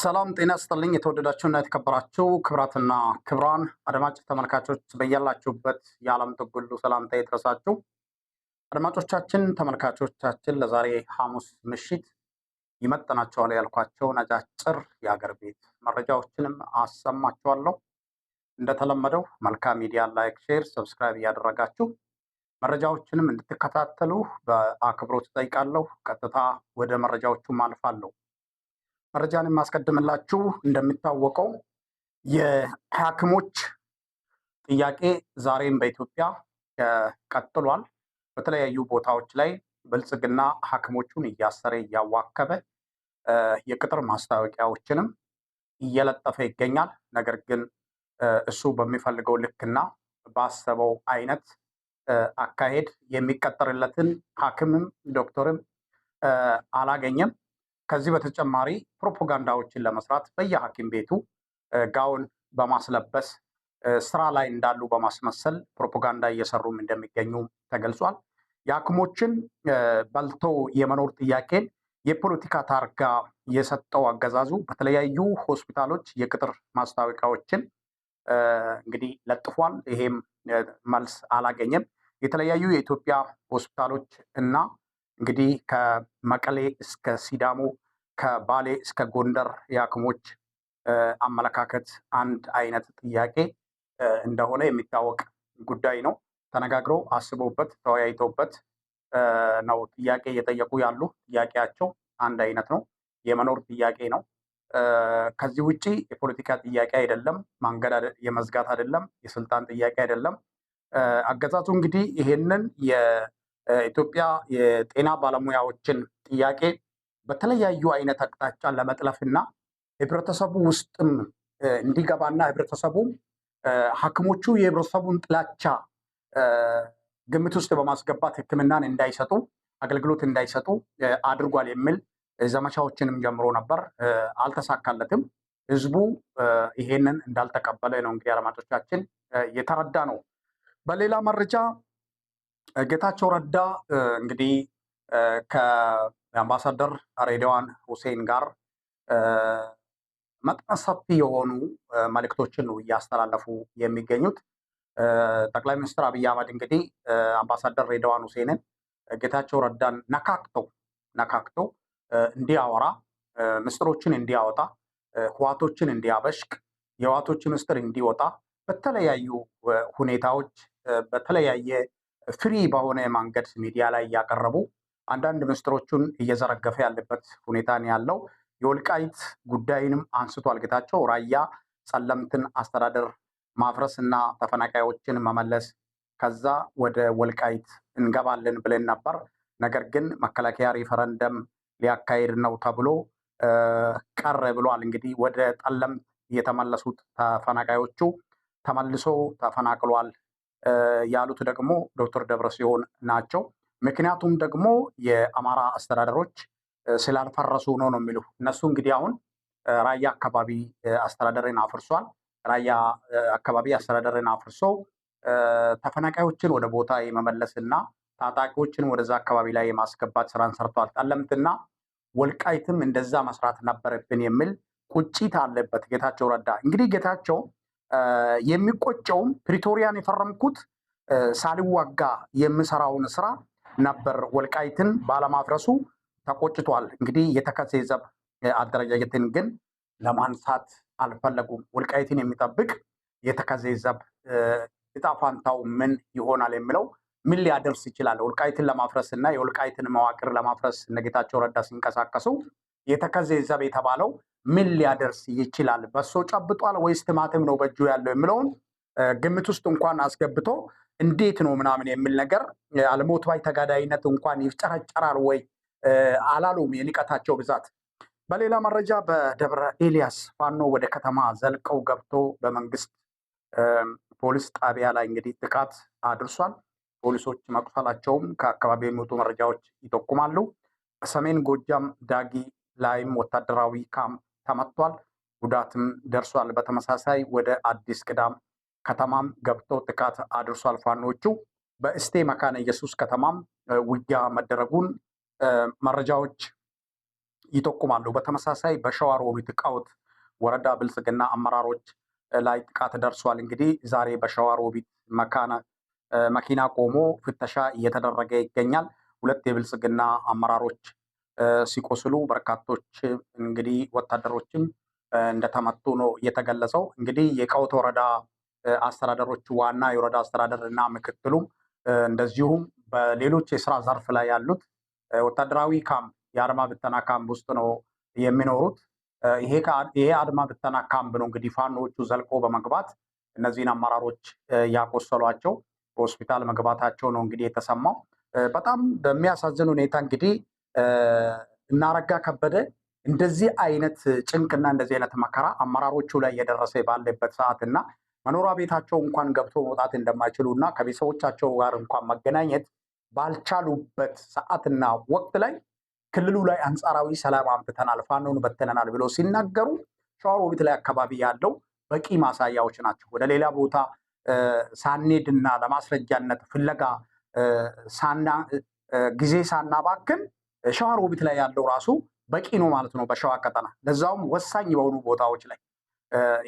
ሰላም ጤና ስጥልኝ። የተወደዳችሁና የተከበራችሁ ክብራትና ክብራን አድማጭ ተመልካቾች በያላችሁበት የዓለም ጥጉሉ ሰላምታ ይድረሳችሁ። አድማጮቻችን፣ ተመልካቾቻችን ለዛሬ ሐሙስ ምሽት ይመጥናቸዋል ያልኳቸውን አጫጭር የአገር ቤት መረጃዎችንም አሰማችኋለሁ። እንደተለመደው መልካም ሚዲያ ላይክ፣ ሼር፣ ሰብስክራይብ እያደረጋችሁ መረጃዎችንም እንድትከታተሉ በአክብሮት ጠይቃለሁ። ቀጥታ ወደ መረጃዎቹም አልፋለሁ። መረጃን የማስቀድምላችሁ እንደሚታወቀው የሐኪሞች ጥያቄ ዛሬም በኢትዮጵያ ቀጥሏል። በተለያዩ ቦታዎች ላይ ብልጽግና ሐኪሞቹን እያሰረ እያዋከበ የቅጥር ማስታወቂያዎችንም እየለጠፈ ይገኛል። ነገር ግን እሱ በሚፈልገው ልክና ባሰበው አይነት አካሄድ የሚቀጠርለትን ሐኪምም ዶክተርም አላገኘም። ከዚህ በተጨማሪ ፕሮፓጋንዳዎችን ለመስራት በየሐኪም ቤቱ ጋውን በማስለበስ ስራ ላይ እንዳሉ በማስመሰል ፕሮፓጋንዳ እየሰሩም እንደሚገኙ ተገልጿል። የሐኪሞችን በልቶ የመኖር ጥያቄን የፖለቲካ ታርጋ የሰጠው አገዛዙ በተለያዩ ሆስፒታሎች የቅጥር ማስታወቂያዎችን እንግዲህ ለጥፏል። ይሄም መልስ አላገኘም። የተለያዩ የኢትዮጵያ ሆስፒታሎች እና እንግዲህ ከመቀሌ እስከ ሲዳሞ ከባሌ እስከ ጎንደር የሐኪሞች አመለካከት አንድ አይነት ጥያቄ እንደሆነ የሚታወቅ ጉዳይ ነው። ተነጋግረው አስበውበት ተወያይተውበት ነው ጥያቄ እየጠየቁ ያሉ። ጥያቄያቸው አንድ አይነት ነው፣ የመኖር ጥያቄ ነው። ከዚህ ውጭ የፖለቲካ ጥያቄ አይደለም፣ መንገድ የመዝጋት አይደለም፣ የስልጣን ጥያቄ አይደለም። አገዛዙ እንግዲህ ይሄንን ኢትዮጵያ የጤና ባለሙያዎችን ጥያቄ በተለያዩ አይነት አቅጣጫ ለመጥለፍና ህብረተሰቡ ውስጥም እንዲገባና ህብረተሰቡ ሐኪሞቹ የህብረተሰቡን ጥላቻ ግምት ውስጥ በማስገባት ህክምናን እንዳይሰጡ አገልግሎት እንዳይሰጡ አድርጓል የሚል ዘመቻዎችንም ጀምሮ ነበር። አልተሳካለትም። ህዝቡ ይሄንን እንዳልተቀበለ ነው እንግዲህ አድማጮቻችን የተረዳ ነው። በሌላ መረጃ ጌታቸው ረዳ እንግዲህ ከአምባሳደር ሬድዋን ሁሴን ጋር መጠነ ሰፊ የሆኑ መልእክቶችን ነው እያስተላለፉ የሚገኙት። ጠቅላይ ሚኒስትር አብይ አህመድ እንግዲህ አምባሳደር ሬድዋን ሁሴንን ጌታቸው ረዳን ነካክተው ነካክተው እንዲያወራ ምስጢሮችን እንዲያወጣ ህዋቶችን እንዲያበሽቅ የህዋቶች ምስጢር እንዲወጣ በተለያዩ ሁኔታዎች በተለያየ ፍሪ በሆነ መንገድ ሚዲያ ላይ እያቀረቡ አንዳንድ ምስጢሮቹን እየዘረገፈ ያለበት ሁኔታ ነው ያለው። የወልቃይት ጉዳይንም አንስቷል ጌታቸው። ራያ ጸለምትን አስተዳደር ማፍረስ እና ተፈናቃዮችን መመለስ፣ ከዛ ወደ ወልቃይት እንገባለን ብለን ነበር። ነገር ግን መከላከያ ሪፈረንደም ሊያካሄድ ነው ተብሎ ቀረ ብሏል። እንግዲህ ወደ ጠለምት የተመለሱት ተፈናቃዮቹ ተመልሶ ተፈናቅሏል ያሉት ደግሞ ዶክተር ደብረጽዮን ናቸው። ምክንያቱም ደግሞ የአማራ አስተዳደሮች ስላልፈረሱ ነው ነው የሚሉ እነሱ እንግዲህ አሁን ራያ አካባቢ አስተዳደርን አፍርሷል። ራያ አካባቢ አስተዳደርን አፍርሶ ተፈናቃዮችን ወደ ቦታ የመመለስና ታጣቂዎችን ወደዛ አካባቢ ላይ የማስገባት ስራን ሰርቷል። ጠለምትና ወልቃይትም እንደዛ መስራት ነበረብን የሚል ቁጭት አለበት ጌታቸው ረዳ። እንግዲህ ጌታቸው የሚቆጨውም ፕሪቶሪያን የፈረምኩት ሳልዋጋ የምሰራውን ስራ ነበር። ወልቃይትን ባለማፍረሱ ተቆጭቷል። እንግዲህ የተከዜ ዘብ አደረጃጀትን ግን ለማንሳት አልፈለጉም። ወልቃይትን የሚጠብቅ የተከዜ ዘብ እጣ ፋንታው ምን ይሆናል የሚለው ምን ሊያደርስ ይችላል? ወልቃይትን ለማፍረስ እና የወልቃይትን መዋቅር ለማፍረስ እነ ጌታቸው ረዳ ሲንቀሳቀሱ የተከዜ ዘብ የተባለው ምን ሊያደርስ ይችላል? በሶ ጨብጧል ወይስ ትማትም ነው በእጁ ያለው የሚለውን ግምት ውስጥ እንኳን አስገብቶ እንዴት ነው ምናምን የሚል ነገር አልሞት ባይ ተጋዳይነት እንኳን ይፍጨረጨራል ወይ አላሉም። የንቀታቸው ብዛት። በሌላ መረጃ በደብረ ኤልያስ ፋኖ ወደ ከተማ ዘልቀው ገብቶ በመንግስት ፖሊስ ጣቢያ ላይ እንግዲህ ጥቃት አድርሷል። ፖሊሶች መቁሰላቸውም ከአካባቢ የሚወጡ መረጃዎች ይጠቁማሉ። በሰሜን ጎጃም ዳጊ ላይም ወታደራዊ ካምፕ ተመቷል፣ ጉዳትም ደርሷል። በተመሳሳይ ወደ አዲስ ቅዳም ከተማም ገብቶ ጥቃት አድርሷል። ፋኖቹ በእስቴ መካነ ኢየሱስ ከተማም ውጊያ መደረጉን መረጃዎች ይጠቁማሉ። በተመሳሳይ በሸዋሮቢት ቃውት ወረዳ ብልጽግና አመራሮች ላይ ጥቃት ደርሷል። እንግዲህ ዛሬ በሸዋሮቢት መካነ መኪና ቆሞ ፍተሻ እየተደረገ ይገኛል። ሁለት የብልጽግና አመራሮች ሲቆስሉ በርካቶች እንግዲህ ወታደሮችም እንደተመቱ ነው እየተገለጸው እንግዲህ የቀውት ወረዳ አስተዳደሮች ዋና የወረዳ አስተዳደር እና ምክትሉ እንደዚሁም በሌሎች የስራ ዘርፍ ላይ ያሉት ወታደራዊ ካምፕ የአድማ ብተና ካምፕ ውስጥ ነው የሚኖሩት። ይሄ አድማ ብተና ካምፕ ነው እንግዲህ ፋኖቹ ዘልቆ በመግባት እነዚህን አመራሮች ያቆሰሏቸው፣ ሆስፒታል መግባታቸው ነው እንግዲህ የተሰማው። በጣም በሚያሳዝን ሁኔታ እንግዲህ እናረጋ ከበደ እንደዚህ አይነት ጭንቅና እንደዚህ አይነት መከራ አመራሮቹ ላይ እየደረሰ ባለበት ሰዓት እና መኖሪያ ቤታቸው እንኳን ገብቶ መውጣት እንደማይችሉ እና ከቤተሰቦቻቸው ጋር እንኳን መገናኘት ባልቻሉበት ሰዓትና ወቅት ላይ ክልሉ ላይ አንጻራዊ ሰላም አምጥተናል፣ ፋኖን በተነናል ብለው ሲናገሩ ሸዋሮቢት ላይ አካባቢ ያለው በቂ ማሳያዎች ናቸው። ወደ ሌላ ቦታ ሳንሄድና ለማስረጃነት ፍለጋ ጊዜ ሳናባክን ሸዋሮቢት ላይ ያለው ራሱ በቂ ነው ማለት ነው በሸዋ ቀጠና ለዛውም ወሳኝ በሆኑ ቦታዎች ላይ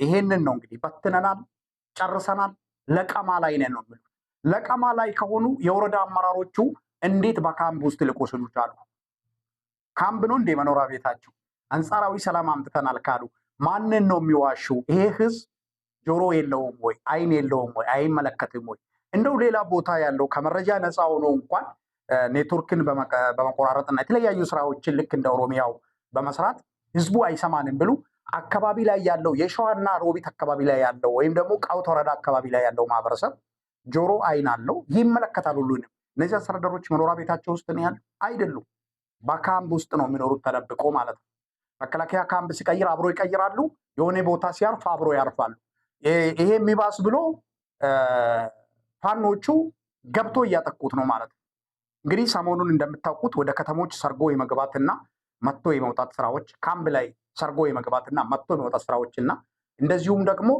ይሄንን ነው እንግዲህ በትነናል፣ ጨርሰናል፣ ለቀማ ላይ ነን ነው ለቀማ ላይ ከሆኑ የወረዳ አመራሮቹ እንዴት በካምፕ ውስጥ ሊቆስሉ ቻሉ? ካምፕ ነው እንዴ መኖሪያ ቤታቸው? አንጻራዊ ሰላም አምጥተናል ካሉ ማንን ነው የሚዋሹ? ይሄ ህዝብ ጆሮ የለውም ወይ? አይን የለውም ወይ? አይመለከትም ወይ? እንደው ሌላ ቦታ ያለው ከመረጃ ነፃ ሆኖ እንኳን ኔትወርክን በመቆራረጥና የተለያዩ ስራዎችን ልክ እንደ ኦሮሚያው በመስራት ህዝቡ አይሰማንም ብሉ አካባቢ ላይ ያለው የሸዋና ሮቢት አካባቢ ላይ ያለው ወይም ደግሞ ቃውት ወረዳ አካባቢ ላይ ያለው ማህበረሰብ ጆሮ አይን አለው፣ ይመለከታል። ሁሉንም እነዚህ አስተዳደሮች መኖሪያ ቤታቸው ውስጥ ነው ያሉ አይደሉም። በካምፕ ውስጥ ነው የሚኖሩት ተደብቆ ማለት ነው። መከላከያ ካምፕ ሲቀይር አብሮ ይቀይራሉ። የሆነ ቦታ ሲያርፍ አብሮ ያርፋሉ። ይሄ የሚባስ ብሎ ፋኖቹ ገብቶ እያጠቁት ነው ማለት ነው። እንግዲህ ሰሞኑን እንደምታውቁት ወደ ከተሞች ሰርጎ የመግባትና መጥቶ የመውጣት ስራዎች ካምፕ ላይ ሰርጎ የመግባትና መጥቶ የመውጣት ስራዎች እና እንደዚሁም ደግሞ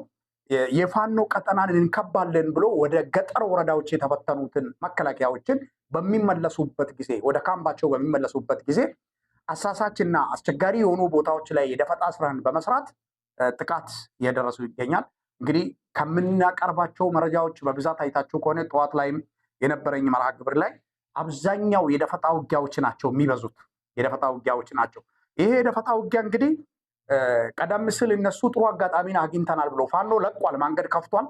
የፋኖ ቀጠናን እንከባለን ብሎ ወደ ገጠር ወረዳዎች የተበተኑትን መከላከያዎችን በሚመለሱበት ጊዜ ወደ ካምባቸው በሚመለሱበት ጊዜ አሳሳችና አስቸጋሪ የሆኑ ቦታዎች ላይ የደፈጣ ስራን በመስራት ጥቃት እየደረሱ ይገኛል። እንግዲህ ከምናቀርባቸው መረጃዎች በብዛት አይታችሁ ከሆነ ጠዋት ላይም የነበረኝ መርሃ ግብር ላይ አብዛኛው የደፈጣ ውጊያዎች ናቸው የሚበዙት። የደፈጣ ውጊያዎች ናቸው። ይሄ የደፈጣ ውጊያ እንግዲህ ቀደም ሲል እነሱ ጥሩ አጋጣሚን አግኝተናል ብሎ ፋኖ ለቋል፣ ማንገድ ከፍቷል፣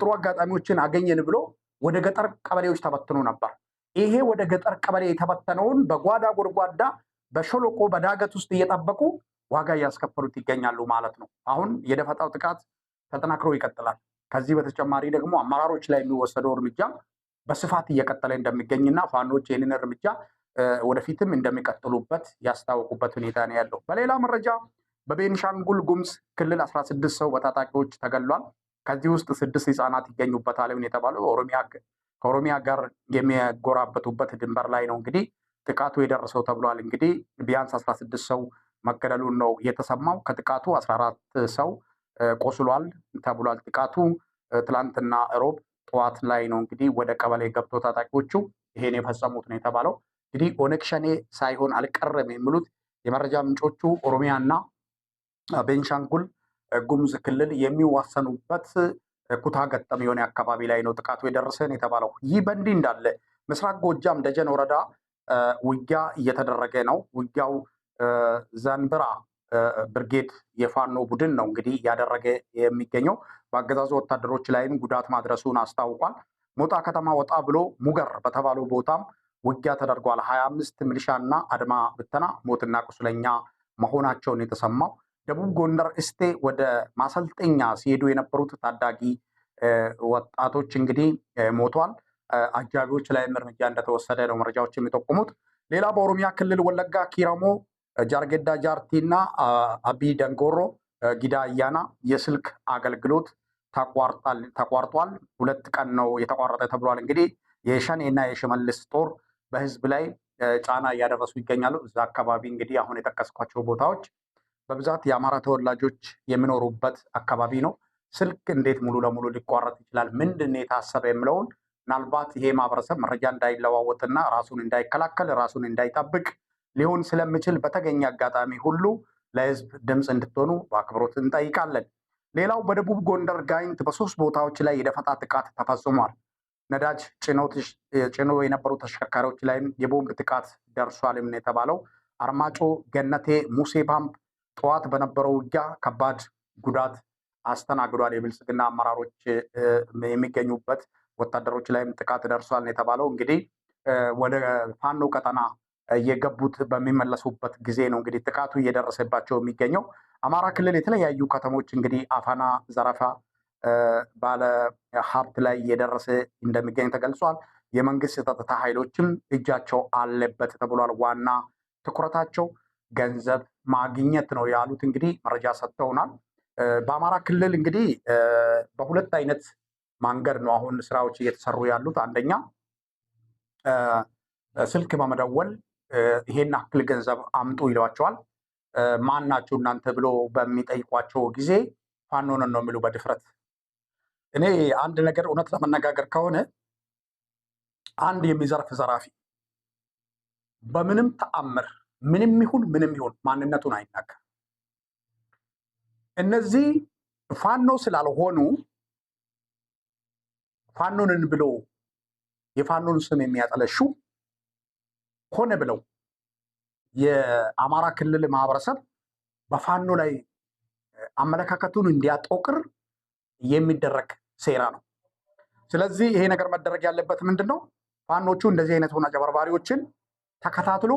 ጥሩ አጋጣሚዎችን አገኘን ብሎ ወደ ገጠር ቀበሌዎች ተበትኖ ነበር። ይሄ ወደ ገጠር ቀበሌ የተበተነውን በጓዳ ጎድጓዳ፣ በሸለቆ፣ በዳገት ውስጥ እየጠበቁ ዋጋ እያስከፈሉት ይገኛሉ ማለት ነው። አሁን የደፈጣው ጥቃት ተጠናክሮ ይቀጥላል። ከዚህ በተጨማሪ ደግሞ አመራሮች ላይ የሚወሰደው እርምጃ በስፋት እየቀጠለ እንደሚገኝና ፋኖች ይህንን እርምጃ ወደፊትም እንደሚቀጥሉበት ያስታወቁበት ሁኔታ ነው ያለው። በሌላ መረጃ በቤንሻንጉል ጉምዝ ክልል 16 ሰው በታጣቂዎች ተገሏል። ከዚህ ውስጥ ስድስት ህጻናት ይገኙበታል የተባለው ከኦሮሚያ ጋር የሚጎራበቱበት ድንበር ላይ ነው እንግዲህ ጥቃቱ የደረሰው ተብሏል። እንግዲህ ቢያንስ 16 ሰው መገደሉን ነው የተሰማው። ከጥቃቱ 14 ሰው ቆስሏል ተብሏል። ጥቃቱ ትላንትና ሮብ ጠዋት ላይ ነው እንግዲህ ወደ ቀበሌ ገብቶ ታጣቂዎቹ ይሄን የፈጸሙት ነው የተባለው። እንግዲህ ኦነግ ሸኔ ሳይሆን አልቀረም የሚሉት የመረጃ ምንጮቹ ኦሮሚያ ቤንሻንጉል ጉሙዝ ክልል የሚዋሰኑበት ኩታ ገጠም የሆነ አካባቢ ላይ ነው ጥቃቱ የደረሰን የተባለው። ይህ በእንዲህ እንዳለ ምስራቅ ጎጃም ደጀን ወረዳ ውጊያ እየተደረገ ነው። ውጊያው ዘንብራ ብርጌድ የፋኖ ቡድን ነው እንግዲህ እያደረገ የሚገኘው። በአገዛዙ ወታደሮች ላይም ጉዳት ማድረሱን አስታውቋል። ሞጣ ከተማ ወጣ ብሎ ሙገር በተባለው ቦታም ውጊያ ተደርጓል። ሀያ አምስት ሚሊሻና አድማ ብተና ሞትና ቁስለኛ መሆናቸውን የተሰማው ደቡብ ጎንደር እስቴ ወደ ማሰልጠኛ ሲሄዱ የነበሩት ታዳጊ ወጣቶች እንግዲህ ሞቷል። አጃቢዎች ላይም እርምጃ እንደተወሰደ ነው መረጃዎች የሚጠቁሙት። ሌላ በኦሮሚያ ክልል ወለጋ ኪረሞ ጃርጌዳ ጃርቲ እና አቢ ደንጎሮ ጊዳ እያና የስልክ አገልግሎት ተቋርጧል። ሁለት ቀን ነው የተቋረጠ ተብሏል። እንግዲህ የሸኔ እና የሽመልስ ጦር በህዝብ ላይ ጫና እያደረሱ ይገኛሉ። እዛ አካባቢ እንግዲህ አሁን የጠቀስኳቸው ቦታዎች በብዛት የአማራ ተወላጆች የሚኖሩበት አካባቢ ነው። ስልክ እንዴት ሙሉ ለሙሉ ሊቋረጥ ይችላል? ምንድን የታሰበ የምለውን ምናልባት ይሄ ማህበረሰብ መረጃ እንዳይለዋወጥና ራሱን እንዳይከላከል ራሱን እንዳይጠብቅ ሊሆን ስለምችል በተገኘ አጋጣሚ ሁሉ ለህዝብ ድምፅ እንድትሆኑ በአክብሮት እንጠይቃለን። ሌላው በደቡብ ጎንደር ጋይንት በሶስት ቦታዎች ላይ የደፈጣ ጥቃት ተፈጽሟል። ነዳጅ ጭኖ የነበሩ ተሽከርካሪዎች ላይም የቦምብ ጥቃት ደርሷልም ነው የተባለው። አርማጮ፣ ገነቴ፣ ሙሴ ፓምፕ ጠዋት በነበረው ውጊያ ከባድ ጉዳት አስተናግዷል። የብልጽግና አመራሮች የሚገኙበት ወታደሮች ላይም ጥቃት ደርሷል ነው የተባለው። እንግዲህ ወደ ፋኖ ቀጠና የገቡት በሚመለሱበት ጊዜ ነው እንግዲህ ጥቃቱ እየደረሰባቸው የሚገኘው። አማራ ክልል የተለያዩ ከተሞች እንግዲህ አፈና፣ ዘረፋ ባለ ሀብት ላይ እየደረሰ እንደሚገኝ ተገልጿል። የመንግስት የጸጥታ ኃይሎችም እጃቸው አለበት ተብሏል። ዋና ትኩረታቸው ገንዘብ ማግኘት ነው ያሉት እንግዲህ መረጃ ሰጥተውናል። በአማራ ክልል እንግዲህ በሁለት አይነት መንገድ ነው አሁን ስራዎች እየተሰሩ ያሉት። አንደኛ ስልክ በመደወል ይሄን አክል ገንዘብ አምጡ ይሏቸዋል። ማን ናችሁ እናንተ ብሎ በሚጠይቋቸው ጊዜ ፋኖንን ነው የሚሉ በድፍረት። እኔ አንድ ነገር እውነት ለመነጋገር ከሆነ አንድ የሚዘርፍ ዘራፊ በምንም ተአምር ምንም ይሁን ምንም ይሁን ማንነቱን አይናገር። እነዚህ ፋኖ ስላልሆኑ ፋኖንን ብሎ የፋኖን ስም የሚያጠለሹ ሆነ ብለው የአማራ ክልል ማህበረሰብ በፋኖ ላይ አመለካከቱን እንዲያጦቅር የሚደረግ ሴራ ነው። ስለዚህ ይሄ ነገር መደረግ ያለበት ምንድን ነው? ፋኖቹ እንደዚህ አይነት ሆነ አጨበርባሪዎችን ተከታትሎ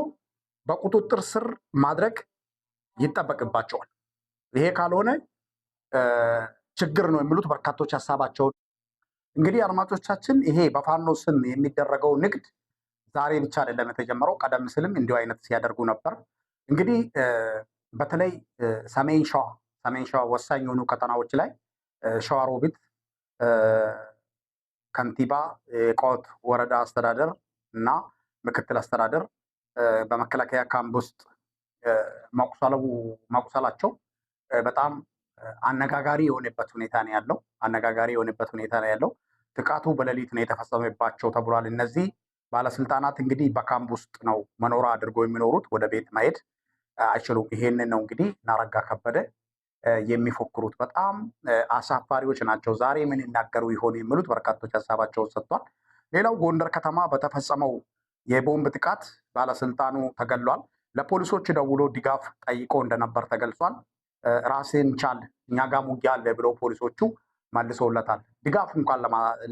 በቁጥጥር ስር ማድረግ ይጠበቅባቸዋል። ይሄ ካልሆነ ችግር ነው የሚሉት በርካቶች ሀሳባቸውን። እንግዲህ አድማጮቻችን፣ ይሄ በፋኖ ስም የሚደረገው ንግድ ዛሬ ብቻ አይደለም የተጀመረው፣ ቀደም ሲልም እንዲሁ አይነት ሲያደርጉ ነበር። እንግዲህ በተለይ ሰሜን ሸዋ ሰሜን ሸዋ ወሳኝ የሆኑ ቀጠናዎች ላይ ሸዋሮቢት ከንቲባ፣ የቆት ወረዳ አስተዳደር እና ምክትል አስተዳደር በመከላከያ ካምፕ ውስጥ መቁሰላቸው በጣም አነጋጋሪ የሆነበት ሁኔታ ነው ያለው። አነጋጋሪ የሆነበት ሁኔታ ነው ያለው። ጥቃቱ በሌሊት ነው የተፈጸመባቸው ተብሏል። እነዚህ ባለስልጣናት እንግዲህ በካምፕ ውስጥ ነው መኖሪያ አድርገው የሚኖሩት። ወደ ቤት መሄድ አይችሉም። ይሄንን ነው እንግዲህ እናረጋ ከበደ የሚፎክሩት። በጣም አሳፋሪዎች ናቸው። ዛሬ ምን ይናገሩ ይሆን የሚሉት በርካቶች ሀሳባቸውን ሰጥቷል። ሌላው ጎንደር ከተማ በተፈጸመው የቦምብ ጥቃት ባለስልጣኑ ተገሏል። ለፖሊሶች ደውሎ ድጋፍ ጠይቆ እንደነበር ተገልጿል። ራሴን ቻል እኛ ጋር ሙጊያ አለ ብለው ፖሊሶቹ መልሶለታል። ድጋፍ እንኳን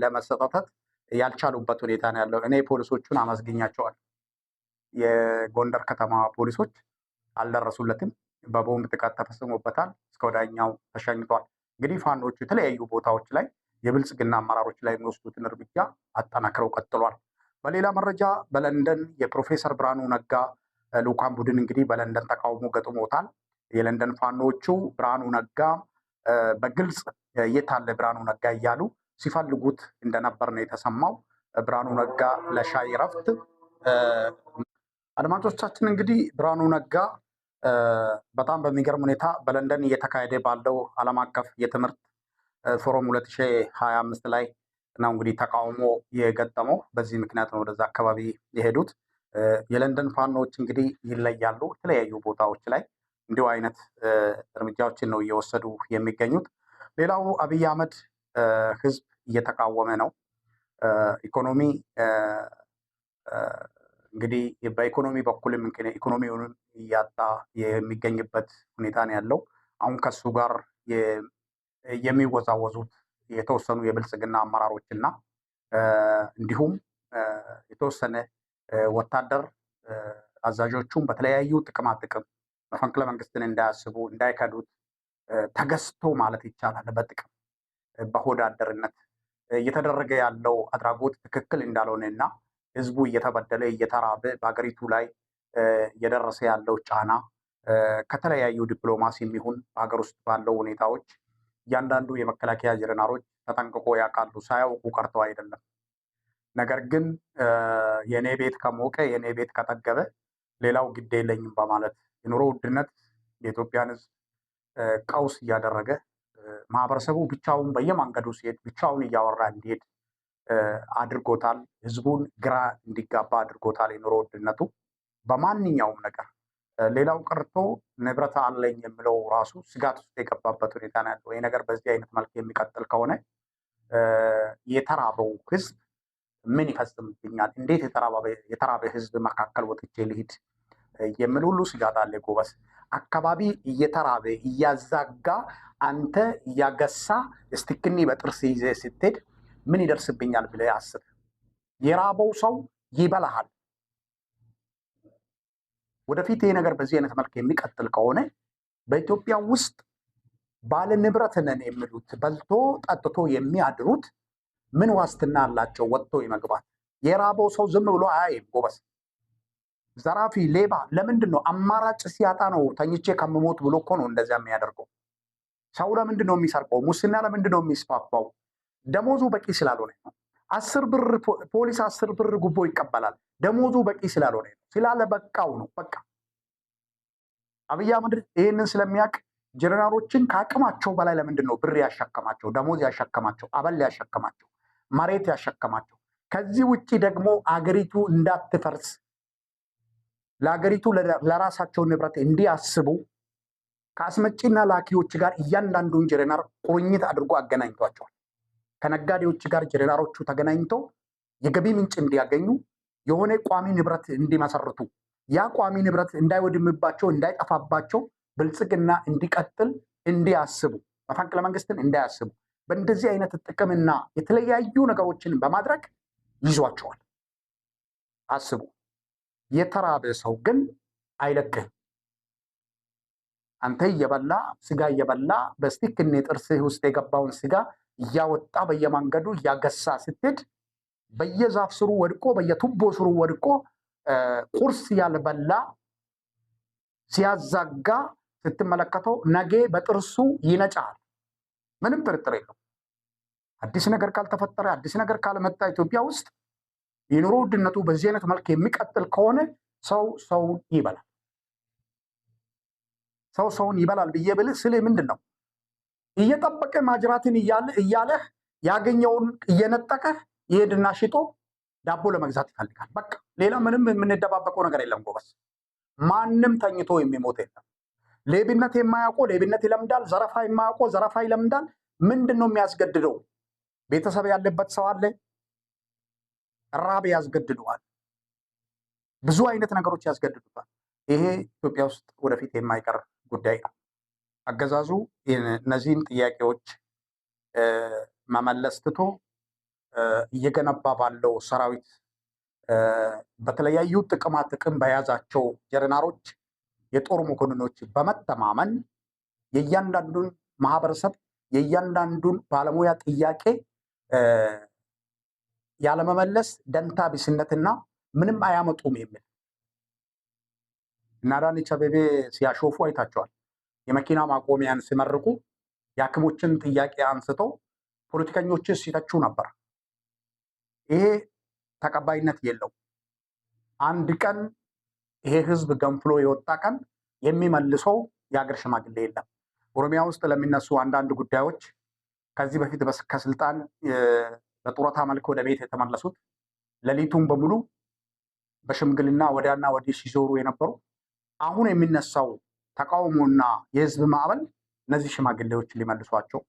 ለመሰጠተት ያልቻሉበት ሁኔታ ነው ያለው። እኔ ፖሊሶቹን አመስግኛቸዋል። የጎንደር ከተማ ፖሊሶች አልደረሱለትም። በቦምብ ጥቃት ተፈጽሞበታል። እስከ ወዳኛው ተሸኝቷል። እንግዲህ ፋኖቹ የተለያዩ ቦታዎች ላይ የብልጽግና አመራሮች ላይ የሚወስዱትን እርምጃ አጠናክረው ቀጥሏል። በሌላ መረጃ በለንደን የፕሮፌሰር ብርሃኑ ነጋ ልዑካን ቡድን እንግዲህ በለንደን ተቃውሞ ገጥሞታል። የለንደን ፋኖቹ ብርሃኑ ነጋ በግልጽ የት አለ ብርሃኑ ነጋ እያሉ ሲፈልጉት እንደነበር ነው የተሰማው። ብርሃኑ ነጋ ለሻይ ረፍት። አድማጮቻችን እንግዲህ ብርሃኑ ነጋ በጣም በሚገርም ሁኔታ በለንደን እየተካሄደ ባለው ዓለም አቀፍ የትምህርት ፎረም 2025 ላይ ነው እንግዲህ ተቃውሞ የገጠመው። በዚህ ምክንያት ነው ወደዛ አካባቢ የሄዱት። የለንደን ፋኖዎች እንግዲህ ይለያሉ። የተለያዩ ቦታዎች ላይ እንዲሁ አይነት እርምጃዎችን ነው እየወሰዱ የሚገኙት። ሌላው አብይ አህመድ ህዝብ እየተቃወመ ነው። ኢኮኖሚ እንግዲህ በኢኮኖሚ በኩልም ኢኮኖሚውንም እያጣ የሚገኝበት ሁኔታ ነው ያለው። አሁን ከሱ ጋር የሚወዛወዙት የተወሰኑ የብልጽግና አመራሮች እና እንዲሁም የተወሰነ ወታደር አዛዦቹም በተለያዩ ጥቅማ ጥቅም መፈንቅለ መንግስትን እንዳያስቡ እንዳይከዱት ተገዝቶ ማለት ይቻላል በጥቅም በሆዳደርነት እየተደረገ ያለው አድራጎት ትክክል እንዳልሆነ እና ህዝቡ እየተበደለ እየተራበ በሀገሪቱ ላይ እየደረሰ ያለው ጫና ከተለያዩ ዲፕሎማሲ የሚሆን በሀገር ውስጥ ባለው ሁኔታዎች እያንዳንዱ የመከላከያ ጀነራሎች ተጠንቅቆ ያውቃሉ። ሳያውቁ ቀርተው አይደለም። ነገር ግን የእኔ ቤት ከሞቀ የእኔ ቤት ከጠገበ ሌላው ግድ የለኝም በማለት የኑሮ ውድነት የኢትዮጵያን ህዝብ ቀውስ እያደረገ ማህበረሰቡ ብቻውን በየመንገዱ ሲሄድ ብቻውን እያወራ እንዲሄድ አድርጎታል። ህዝቡን ግራ እንዲጋባ አድርጎታል። የኑሮ ውድነቱ በማንኛውም ነገር ሌላው ቀርቶ ንብረት አለኝ የሚለው ራሱ ስጋት ውስጥ የገባበት ሁኔታ ነው ያለው። ይህ ነገር በዚህ አይነት መልክ የሚቀጥል ከሆነ የተራበው ህዝብ ምን ይፈጽምብኛል? እንዴት የተራበ ህዝብ መካከል ወጥቼ ልሂድ? የሚል ሁሉ ስጋት አለ ጎበስ አካባቢ እየተራበ እያዛጋ አንተ እያገሳ ስቲክኒ በጥርስ ይዘ ስትሄድ ምን ይደርስብኛል ብለህ አስብ። የራበው ሰው ይበላሃል። ወደፊት ይሄ ነገር በዚህ አይነት መልክ የሚቀጥል ከሆነ በኢትዮጵያ ውስጥ ባለ ንብረት ነን የሚሉት በልቶ ጠጥቶ የሚያድሩት ምን ዋስትና አላቸው? ወጥቶ የመግባት የራበው ሰው ዝም ብሎ አያይም ጎበስ ዘራፊ፣ ሌባ ለምንድን ነው አማራጭ ሲያጣ ነው ተኝቼ ከምሞት ብሎ እኮ ነው እንደዚያ የሚያደርገው። ሰው ለምንድን ነው የሚሰርቀው? ሙስና ለምንድን ነው የሚስፋፋው? ደሞዙ በቂ ስላልሆነ ነው። አስር ብር ፖሊስ አስር ብር ጉቦ ይቀበላል። ደሞዙ በቂ ስላልሆነ ነው፣ ስላለበቃው ነው። በቃ አብይ አህመድ ይህንን ስለሚያውቅ ጀነራሎችን ከአቅማቸው በላይ ለምንድን ነው ብር ያሸከማቸው፣ ደሞዝ ያሸከማቸው፣ አበል ያሸከማቸው፣ መሬት ያሸከማቸው? ከዚህ ውጭ ደግሞ አገሪቱ እንዳትፈርስ ለሀገሪቱ ለራሳቸው ንብረት እንዲያስቡ ከአስመጪና ላኪዎች ጋር እያንዳንዱን ጀሬናር ቁርኝት አድርጎ አገናኝቷቸዋል። ከነጋዴዎች ጋር ጀሬናሮቹ ተገናኝተው የገቢ ምንጭ እንዲያገኙ የሆነ ቋሚ ንብረት እንዲመሰርቱ፣ ያ ቋሚ ንብረት እንዳይወድምባቸው፣ እንዳይጠፋባቸው ብልጽግና እንዲቀጥል እንዲያስቡ፣ መፈንቅለ መንግስትን እንዳያስቡ በእንደዚህ አይነት ጥቅምና የተለያዩ ነገሮችን በማድረግ ይዟቸዋል። አስቡ። የተራበ ሰው ግን አይለቅህም። አንተ እየበላ ስጋ እየበላ በስቲክኔ ጥርስህ ውስጥ የገባውን ስጋ እያወጣ በየመንገዱ እያገሳ ስትሄድ በየዛፍ ስሩ ወድቆ በየቱቦ ስሩ ወድቆ ቁርስ ያልበላ ሲያዛጋ ስትመለከተው ነገ በጥርሱ ይነጫል። ምንም ጥርጥር የለው። አዲስ ነገር ካልተፈጠረ አዲስ ነገር ካልመጣ ኢትዮጵያ ውስጥ የኑሮ ውድነቱ በዚህ አይነት መልክ የሚቀጥል ከሆነ ሰው ሰውን ይበላል። ሰው ሰውን ይበላል ብዬ ብልህ ስል ምንድን ነው እየጠበቀ ማጅራትን እያለህ ያገኘውን እየነጠቀህ ይሄድና ሽጦ ዳቦ ለመግዛት ይፈልጋል። በቃ ሌላ ምንም የምንደባበቀው ነገር የለም ጎበስ። ማንም ተኝቶ የሚሞት የለም። ሌብነት የማያውቆ ሌብነት ይለምዳል። ዘረፋ የማያውቆ ዘረፋ ይለምዳል። ምንድን ነው የሚያስገድደው? ቤተሰብ ያለበት ሰው አለ። ራብ ያስገድደዋል። ብዙ አይነት ነገሮች ያስገድዱታል። ይሄ ኢትዮጵያ ውስጥ ወደፊት የማይቀር ጉዳይ ነው። አገዛዙ እነዚህን ጥያቄዎች መመለስ ትቶ እየገነባ ባለው ሰራዊት በተለያዩ ጥቅማ ጥቅም በያዛቸው ጀነራሎች፣ የጦር መኮንኖች በመተማመን የእያንዳንዱን ማህበረሰብ የእያንዳንዱን ባለሙያ ጥያቄ ያለመመለስ ደንታ ቢስነትና ምንም አያመጡም የሚል እና አዳነች አቤቤ ሲያሾፉ አይታቸዋል። የመኪና ማቆሚያን ሲመርቁ የሐኪሞችን ጥያቄ አንስቶ ፖለቲከኞች ሲተቹ ነበር። ይሄ ተቀባይነት የለው። አንድ ቀን ይሄ ህዝብ ገንፍሎ የወጣ ቀን የሚመልሰው የአገር ሽማግሌ የለም። ኦሮሚያ ውስጥ ለሚነሱ አንዳንድ ጉዳዮች ከዚህ በፊት ከስልጣን በጡረታ መልክ ወደ ቤት የተመለሱት ሌሊቱን በሙሉ በሽምግልና ወዲያና ወዲህ ሲዞሩ የነበሩ አሁን የሚነሳው ተቃውሞና የህዝብ ማዕበል እነዚህ ሽማግሌዎች ሊመልሷቸው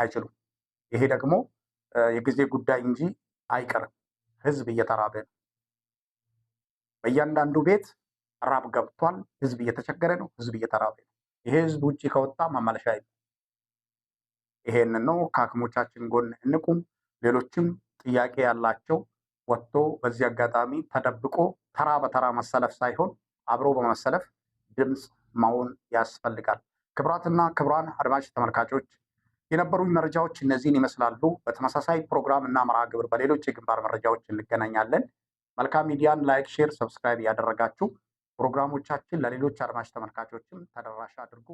አይችሉም። ይሄ ደግሞ የጊዜ ጉዳይ እንጂ አይቀርም። ህዝብ እየተራበ ነው። በእያንዳንዱ ቤት ራብ ገብቷል። ህዝብ እየተቸገረ ነው። ህዝብ እየተራበ ነው። ይሄ ህዝብ ውጭ ከወጣ ማመለሻ ይሄንን ነው። ከአክሞቻችን ጎን እንቁም። ሌሎችም ጥያቄ ያላቸው ወጥቶ በዚህ አጋጣሚ ተደብቆ ተራ በተራ መሰለፍ ሳይሆን አብሮ በመሰለፍ ድምፅ መሆን ያስፈልጋል። ክብራትና ክብራን አድማጭ ተመልካቾች የነበሩኝ መረጃዎች እነዚህን ይመስላሉ። በተመሳሳይ ፕሮግራም እና መርሃ ግብር በሌሎች የግንባር መረጃዎች እንገናኛለን። መልካም ሚዲያን ላይክ፣ ሼር፣ ሰብስክራይብ ያደረጋችሁ ፕሮግራሞቻችን ለሌሎች አድማጭ ተመልካቾችም ተደራሽ አድርጉ።